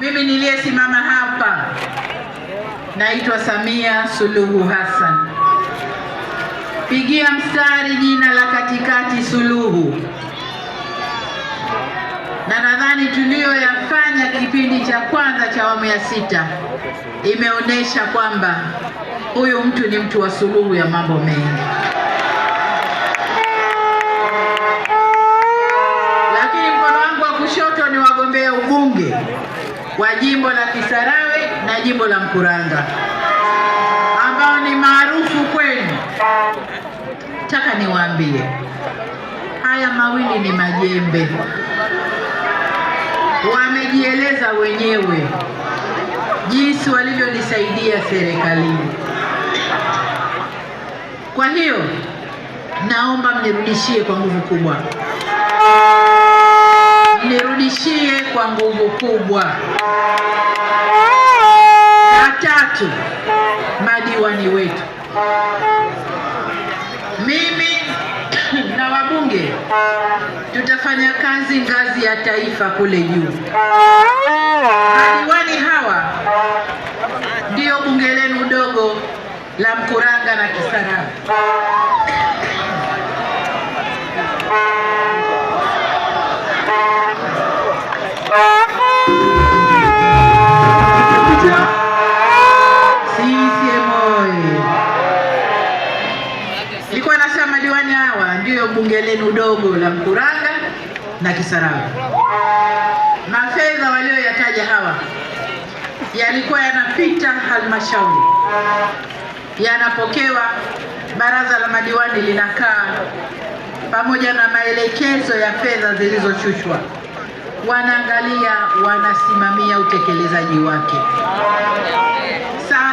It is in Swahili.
Mimi niliyesimama hapa naitwa Samia Suluhu Hassan. Pigia mstari jina la katikati Suluhu, na nadhani tuliyoyafanya kipindi cha kwanza cha awamu ya sita imeonyesha kwamba huyu mtu ni mtu wa suluhu ya mambo mengi. wa jimbo la Kisarawe na jimbo la Mkuranga ambao ni maarufu kwenu. Nataka niwaambie haya mawili ni majembe, wamejieleza wenyewe jinsi walivyolisaidia serikalini. Kwa hiyo naomba mnirudishie kwa nguvu kubwa, mnirudishie nguvu kubwa. Na tatu, madiwani wetu, mimi na wabunge tutafanya kazi ngazi ya taifa kule juu. Madiwani hawa ndio bunge lenu dogo la Mkuranga na Kisarawe. Nilikuwa nasema madiwani hawa ndiyo bunge lenu dogo la Mkuranga na Kisarawe. Mafedha walioyataja hawa yalikuwa yanapita halmashauri, yanapokewa, baraza la madiwani linakaa pamoja na maelekezo ya fedha zilizoshushwa wanaangalia, wanasimamia utekelezaji wake. Sasa